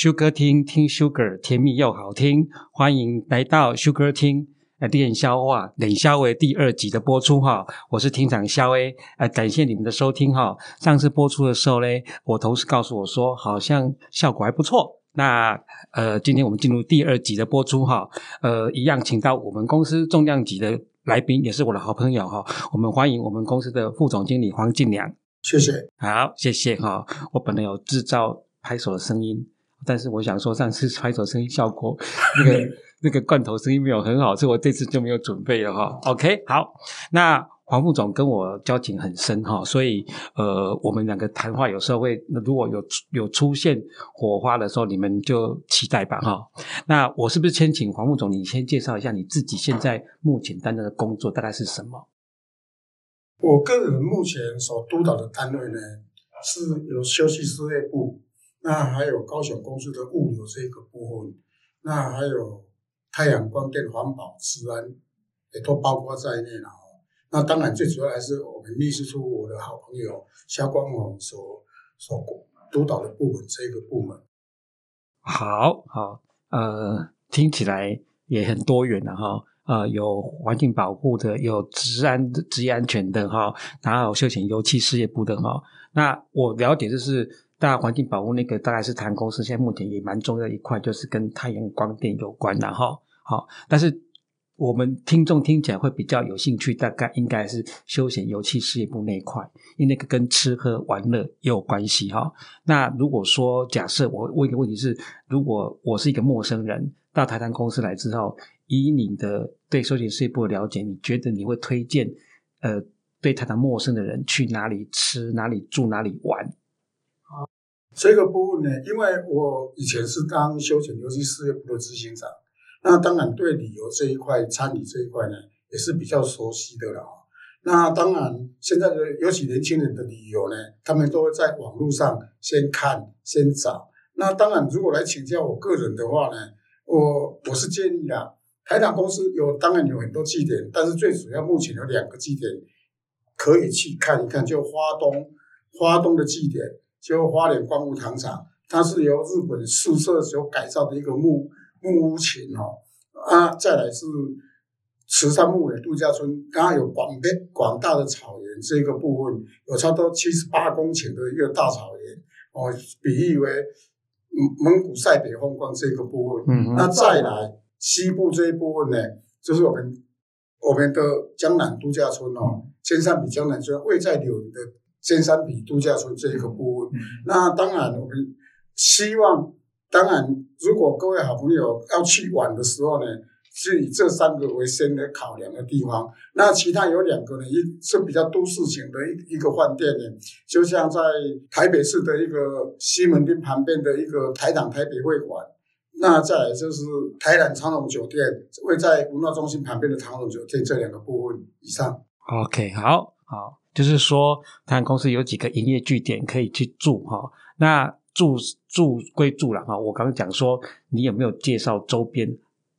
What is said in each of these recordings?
Sugar 聽聽 Sugar，甜蜜又好聽。歡迎來到 Sugar 聽啊！練蕭話，練蕭話第二集的播出哈，我是廳長蕭仔啊，感謝你們的收聽哈。上次播出的時候嘞，我同事告訴我說，好像效果還不錯。那呃，今天我們進入第二集的播出哈，呃，一樣請到我們公司重量級的來賓，也是我的好朋友哈。我們歡迎我們公司的副總經理黃進良，謝謝，好，謝謝哈。我本來有制造拍手的聲音。但是我想說，上次拍手聲音效果，那個 那個罐頭聲音沒有很好，所以我這次就沒有準備了哈。OK，好，那黃副總跟我交情很深哈，所以呃，我們兩個談話有時候會，如果有有出現火花的時候，你們就期待吧哈。那我是不是先請黃副總，你先介紹一下你自己現在目前擔任的工作大概是什麼？我個人目前所督導的單位呢，是有休息事業部。那還有高雄公司的物流這個部分，那還有太陽光電、環保、治安，也都包括在內了哈、哦。那當然最主要還是我們秘書處我的好朋友肖光宏所所管督導的部門這個部門。好，好，呃，聽起來也很多元哈、哦呃，有環境保護的，有治安、職業安全的哈、哦，然後休閒遊憩事業部的哈、哦。那我了解就是。大環境保護那個大概是台糖公司現在目前也蠻重要的一塊，就是跟太陽光電有關的哈。好，但是我們聽眾聽起來會比較有興趣，大概應該是休閒遊憩事業部那一塊，因為那個跟吃喝玩樂也有關係哈。那如果說假設我問一個問題是，是如果我是一個陌生人到台糖公司來之後，以你的對休閒事業部的了解，你覺得你會推薦呃對台糖陌生的人去哪裡吃、哪裡住、哪裡玩？這個部分呢，因為我以前是當休閒遊戲事業部的執行長，那當然對旅遊這一塊、餐飲這一塊呢，也是比較熟悉的了啊。那當然，現在的尤其年輕人的旅遊呢，他們都會在網絡上先看、先找。那當然，如果來請教我個人的話呢，我我是建議的，台糖公司有當然有很多據點，但是最主要目前有兩個據點可以去看一看，就花東，花東的據點。就花蓮光復糖廠，它是由日本宿舍所改造的一個木木屋群哦。啊，再來是池上牧野度假村，剛剛有廣北廣大的草原這個部分，有差不多七十八公頃的一個大草原哦，比喻為蒙蒙古塞北風光這個部分。嗯嗯。那再來西部這一部分呢，就是我們我們的江南度假村哦，尖山埤江南村位在柳營的。尖山埤度假村這一個部分、嗯，那當然我們希望，當然如果各位好朋友要去玩的時候呢，是以這三個為先的考量的地方。那其他有兩個呢，一是比較都市型的一一個飯店呢，就像在台北市的一個西門町旁邊的一個台糖台北會館。那再來就是台糖長榮酒店，位在文化中心旁邊的長榮酒店這兩個部分以上。OK，好，好。就是說，他們公司有幾個營業據點可以去住哈。那住住歸住了哈。我剛剛講說，你有沒有介紹周邊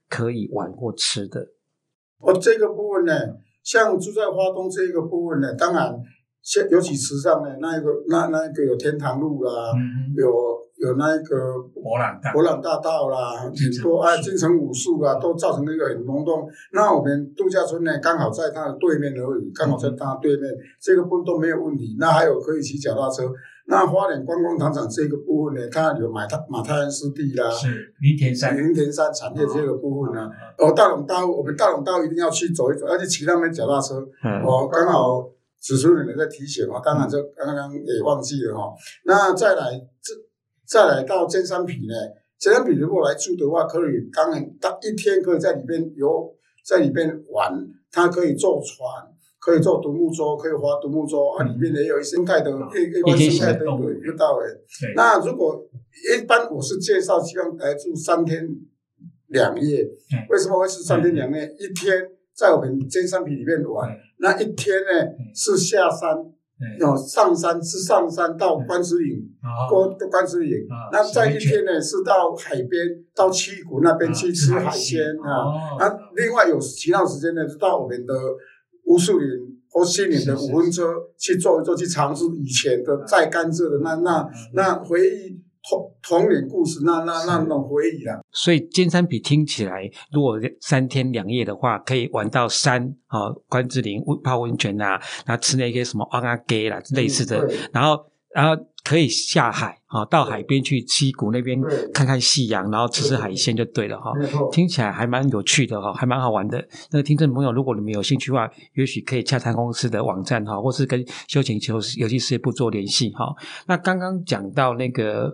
可以玩或吃的？哦，這個部分呢，像住在花東這一個部分呢，當然尤其時尚呢，那一個那那一個有天堂路啦、啊嗯，有。有那一個伯朗伯朗大道啦，很多啊！金城、啊、武樹啊、嗯、都造成一個很轟動。那我們度假村呢，剛好在它的對面的位剛好在它對面，這個部分都沒有問題。那還有可以騎腳踏車。那花蓮觀光糖廠這個部分呢，它、嗯、有馬太馬太鞍濕地啦，是林田山林田山產業這個部分呢、啊嗯、哦，大龍道，我們大龍道一定要去走一走，而且騎那邊腳踏車。嗯、哦剛好主持人在提醒我，剛好就剛剛也忘記了哈、嗯。那再來這。再來到尖山坪呢？尖山坪如果來住的話，可以剛他一天可以在裡面遊，在裡面玩，他可以坐船，可以坐獨木舟，可以划獨木舟啊、嗯，裡面也有一些生態的、啊、一些生態都、啊、有遇到誒。那如果一般我是介紹希望來住三天兩夜、嗯，為什麼會是三天兩夜、嗯？一天在我們尖山坪裡面玩、嗯，那一天呢是下山。哦，no, 上山是上山到關子嶺，過過關子嶺。那再一天呢是到海邊，到七股那邊、啊、去吃海鮮，海鮮啊。那、啊啊、另外有其他時間呢，就到我們的烏樹林或新營的五分車是是是是去坐一坐，去嘗試以前的在甘蔗的那那、嗯、那回憶。同童年故事，那那，那那種回憶了、啊。所以尖山埤聽起來，如果三天兩夜的話，可以玩到山啊、哦，關子嶺泡溫泉啊，然後吃那些什麼甕仔雞啦類似的。嗯、然後然後可以下海啊、哦，到海邊去七股那邊看看夕陽，然後吃吃海鮮就對了哈、哦。聽起來還蠻有趣的哈，還蠻好玩的。那個聽眾朋友，如果你們有興趣的話，也許可以洽談公司的網站哈、哦，或是跟休閒遊憩事業部做聯繫哈、哦。那剛剛講到那個。嗯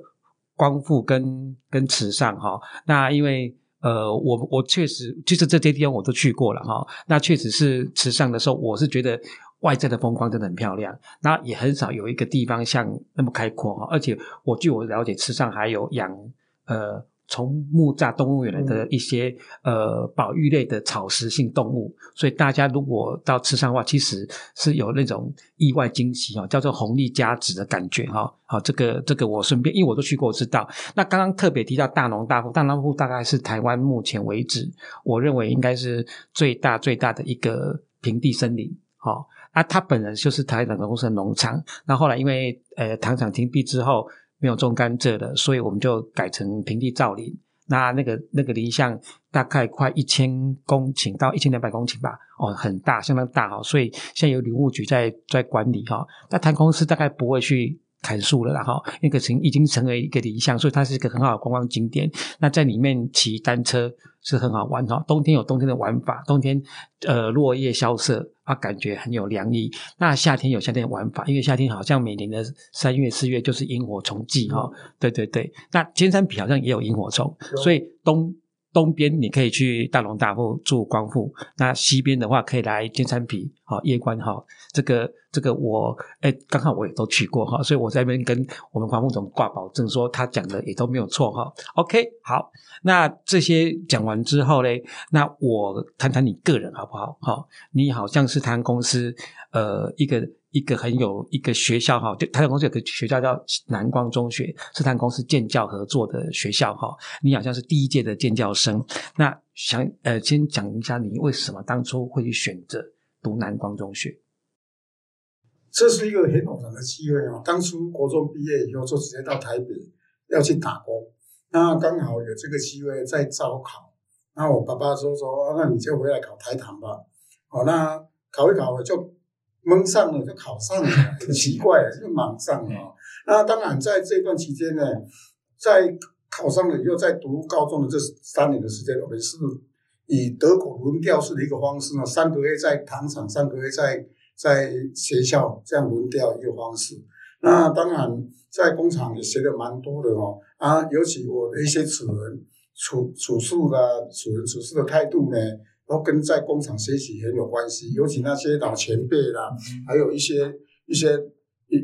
光復跟跟池上哈、哦，那因為呃我我確實就是這些地方我都去過了哈、哦，那確實是池上的時候，我是覺得外在的風光真的很漂亮，那也很少有一個地方像那麼開闊哈、哦，而且我據我了解，池上還有養呃。從木柵動物園來的一些、嗯、呃保育類的草食性動物，所以大家如果到池上的話，其實是有那種意外驚喜哦，叫做紅利加值的感覺哈。好、哦，這個這個我順便，因為我都去過，我知道。那剛剛特別提到大農大富大農大富，大概是台灣目前為止，我認為應該是最大最大的一個平地森林。好、哦，啊，他本人就是台南農舍農場。那後，後來因為呃糖廠停閉之後。沒有種甘蔗的，所以我們就改成平地造林。那那個那個林相大概快一千公頃到一千兩百公頃吧，哦，很大，相當大哦。所以現在有林務局在在管理哈、哦。那台糖公司大概不會去砍樹了、哦，然後那個城已經成為一個林相，所以它是一個很好的觀光景點。那在裡面騎單車是很好玩哦。冬天有冬天的玩法，冬天呃落葉蕭瑟。啊，感覺很有涼意。那夏天有夏天玩法，因為夏天好像每年的三月、四月就是螢火蟲季哈、嗯哦。對對對，那尖山埤好像也有螢火蟲、嗯，所以東東邊你可以去大龍大富住光復，那西邊的話可以來尖山埤。好，夜觀哈，這個這個我哎、欸，剛好我也都去過哈，所以我在那邊跟我們黃副總掛保證，說他講的也都沒有錯哈。OK，好，那這些講完之後嘞，那我談談你個人好不好？哈，你好像是台糖公司，呃，一個一個很有一個學校哈，就台糖公司有個學校叫南光中學，是台糖公司建教合作的學校哈。你好像是第一屆的建教生，那想呃，先講一下你為什麼當初會去選擇。讀南光中學，這是一個很偶然的機會哦、啊。當初國中畢業以後，就直接到台北要去打工，那剛好有這個機會在招考。那我爸爸說說、啊，那你就回來考台糖吧。好、哦、那考一考，我就蒙上了，就考上了，很 奇怪，就蒙上了。 那當然，在這段期間呢，在考上了以後，在讀高中的這三年的時間，我是。以德國輪調式的一個方式呢，三個月在糖廠，三個月在在學校，這樣輪調一個方式。那當然在工廠也學的蠻多的哦，啊，尤其我的一些做人、處處事的做人處事的態度呢，都跟在工廠學習很有關係。尤其那些老前輩啦、啊嗯，還有一些一些一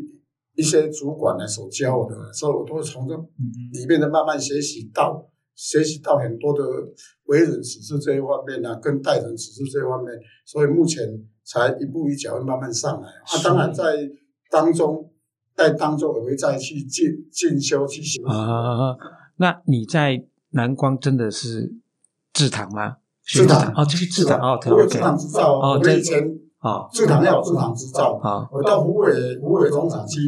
一些主管來、啊、所教我的、啊，所以我都是從這裡面的慢慢學習到。學習到很多的為人處事這一方面呢、啊，跟待人處事這一方面，所以目前才一步一腳印慢慢上來。啊，當然在當中，在當中我會再去進進修去學習啊。那你在南光真的是製糖嗎？製糖、啊、哦，就、okay, 是、okay. 製糖哦，哦，我有製糖執照哦。在啊，製糖要有製糖執照啊。我到湖尾湖尾工廠去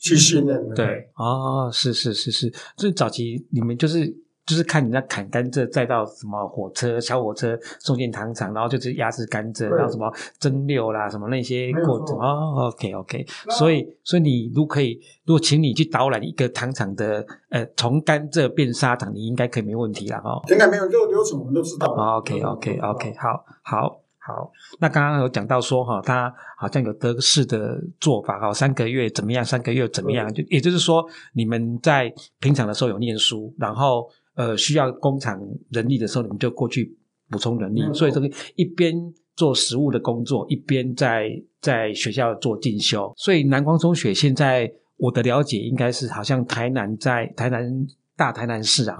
去訓練。對啊、哦，是是是是，就是早期你們就是。就是看你那砍甘蔗，再到什麼火車、小火車送進糖廠，然後就是壓制甘蔗，然後什麼蒸餾啦，什麼那些過程哦。OK OK，所以所以你如果可以，如果請你去導覽一個糖廠的呃，從甘蔗變砂糖，你應該可以沒問題啦。哦。應該沒有，就流程我們都知道。哦、OK OK OK，嗯，好好好。那剛剛有講到說哈，他、哦、好像有德式的做法，哈、哦，三個月怎麼樣？三個月怎麼樣？就也就是說，你們在平常的時候有念書，然後。呃，需要工廠人力的時候，你們就過去補充人力。嗯哦、所以這個一邊做實務的工作，一邊在在學校做進修。所以南光中學現在我的了解應該是，好像台南在台南大台南市啊，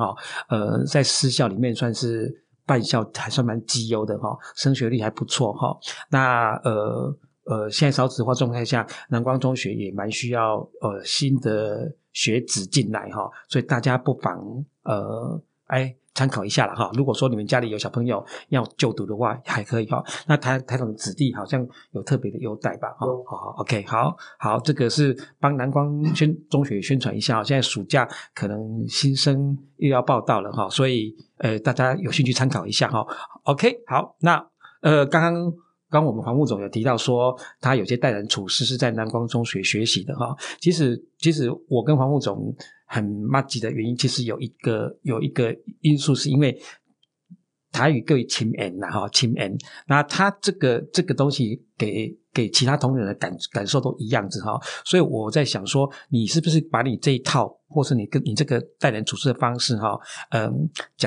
呃，在私校裡面算是辦校還算蠻績優的哈，升學率還不錯哈、哦。那呃呃，現在少子化狀態下，南光中學也蠻需要呃新的。學子進來哈，所以大家不妨呃，哎，參考一下了哈。如果說你們家裡有小朋友要就讀的話，還可以哈。那台台糖的子弟好像有特別的優待吧哈。好、嗯哦、OK，好，好，這個是幫南光宣中學宣傳一下。現在暑假可能新生又要報到了哈，所以呃，大家有興趣參考一下哈、哦。OK，好，那呃，剛剛。剛，剛我們黃副總有提到說，他有些待人處事是在南光中學學習的哈。其實，其實我跟黃副總很麻吉的原因，其實有一個有一個因素，是因為台語對於親恩了哈，親恩。那他這個這個東西給。給其他同仁的感感受都一樣子哈、哦，所以我在想說，你是不是把你這一套，或是你跟你這個待人處事的方式哈、哦，嗯、呃，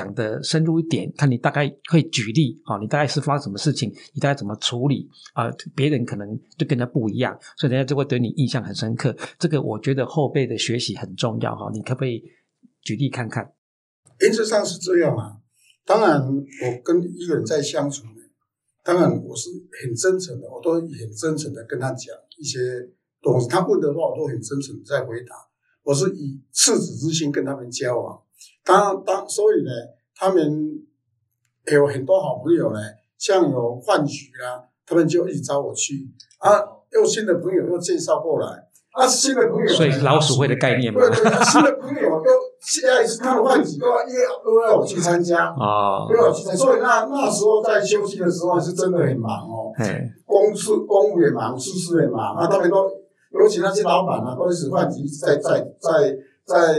講得深入一點，看你大概會舉例啊、哦，你大概是發生什麼事情，你大概怎麼處理啊、呃？別人可能就跟他不一樣，所以人家就會對你印象很深刻。這個我覺得後輩的學習很重要哈、哦，你可不可以舉例看看？原則上是這樣啊、嗯，當然我跟一個人在相處。嗯當然，我是很真誠的，我都很真誠的跟他講一些東西，他問的話，我都很真誠在回答。我是以赤子之心跟他們交往。當然當，所以呢，他們有很多好朋友呢，像有飯局啊，他們就一直找我去啊，又新的朋友又介紹過來。啊，是新的朋友，所以是老鼠會的概念嘛。對對，新的朋友 都現在是他的飯局，都要，都要我去參加。去參加。所以那那時候在休息的時候還是真的很忙哦。公事、公務也忙，私事也忙啊。他們都尤其那些老闆啊，都是飯局在在在在。在在在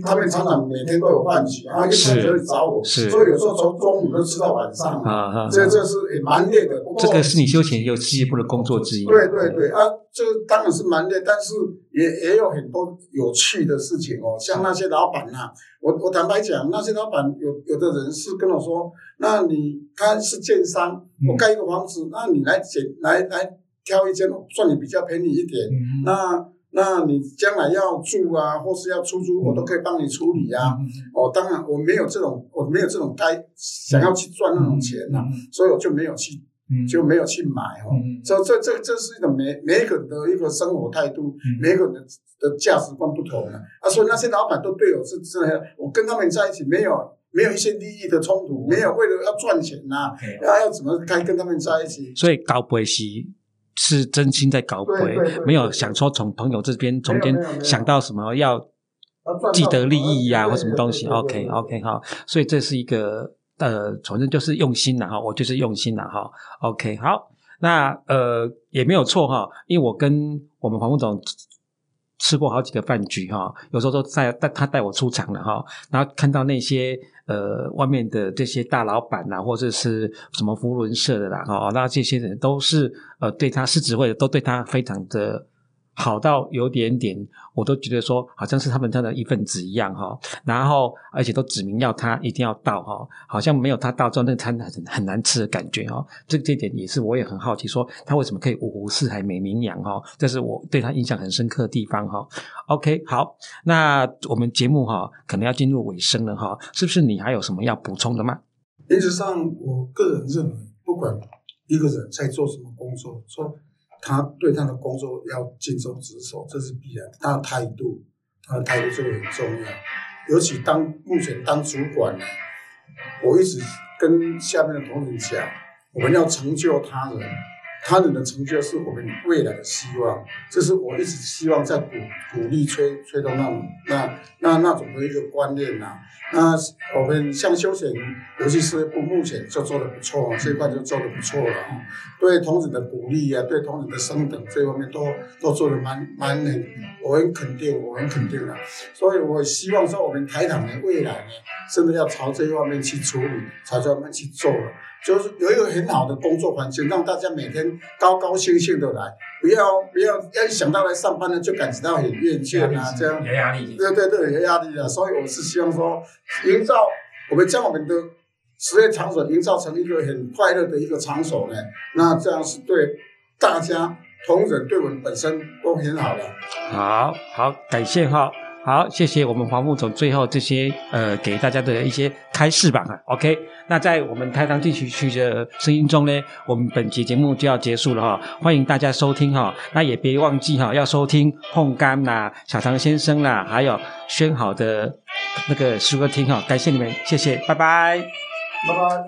他們常常每天都有飯局，然後就跑就會找我是是，所以有時候從中午都吃到晚上啊，這、啊、這是也蠻累的。這個是你休閒遊憩事業部的工作之一。對對對，啊，這個當然是蠻累，但是也也有很多有趣的事情哦，像那些老闆吶、嗯，我我坦白講，那些老闆有有的人是跟我說，那你他是建商，我蓋一個房子，嗯、那你來撿來來挑一間，算你比較便宜一點，嗯、那。那你將來要住啊，或是要出租，我都可以幫你處理啊。嗯、哦，當然我沒有這種，我沒有這種該想要去賺那種錢吶、啊嗯，所以我就沒有去、嗯，就沒有去買、哦嗯、所以這這這是一個每每一個人的一個生活態度，嗯、每一個人的，的價值觀不同啊、嗯、啊，所以那些老闆都對我是這樣，我跟他們在一起沒有沒有一些利益的衝突，沒有為了要賺錢吶、啊，要、嗯、要怎麼該跟他們在一起？所以到背時。是真心在搞鬼，沒有想說從朋友這邊從間想到什麼要既得利益呀、啊、或什麼東西對對對對對。OK OK 好，所以這是一個呃，反正就是用心了哈，我就是用心了哈。OK 好，那呃也沒有錯哈，因為我跟我們黃副總。吃過好幾個飯局哈、哦，有時候都帶帶他帶我出場了哈、哦，然後看到那些呃外面的這些大老闆啦、啊，或者是，是什麼扶輪社的啦、哦，那這些人都是呃對他是指揮的都對他非常的。好到有點點，我都覺得說好像是他們家的一份子一樣哈。然後而且都指明要他一定要到哈，好像沒有他到之後，做那餐很難吃的感覺哦。這這點也是我也很好奇說，說他為什麼可以五湖四海美名揚哈？這是我對他印象很深刻的地方哈。OK，好，那我們節目哈可能要進入尾聲了哈，是不是你還有什麼要補充的嗎？事實上，我個人認為，不管一個人在做什麼工作，說。他對他的工作要盡忠職守，這是必然的。他的態度，他的態度這個很重要，尤其當目前當主管呢，我一直跟下面的同仁講，我們要成就他人。他人的成就是我們未來的希望，這、就是我一直希望在鼓鼓勵、吹吹動那那那那種的一個觀念吶、啊。那我們像休閒，尤其是目目前就做的不錯，這塊就做的不錯了。對同仁的鼓勵啊，對同仁的升等這方面都都做的蠻蠻能，我很肯定，我很肯定的、啊。所以我希望說，我們台糖的未來呢，真的要朝這方面去處理，朝這方面去做了。就是有一個很好的工作環境，讓大家每天高高興興的來，不要不要要一想到來上班呢，就感覺到很厭倦啊這樣，有壓力，對對都有壓力的、啊，所以我是希望說，營造我們將我們的職業場所營造成一個很快樂的一個場所呢，那這樣是對大家同仁對我們本身都很好的。好好，感謝哈。好，謝謝我們黃副總最後這些呃給大家的一些開示吧、啊、，OK。那在我們台糖進取區的聲音中呢，我們本期節目就要結束了哈、哦，歡迎大家收聽哈、哦，那也別忘記哈、哦，要收聽烘乾啦、小唐先生啦，還有軒好的那個 Sugar 聽哈、哦，感謝你們，謝謝，拜拜，拜拜。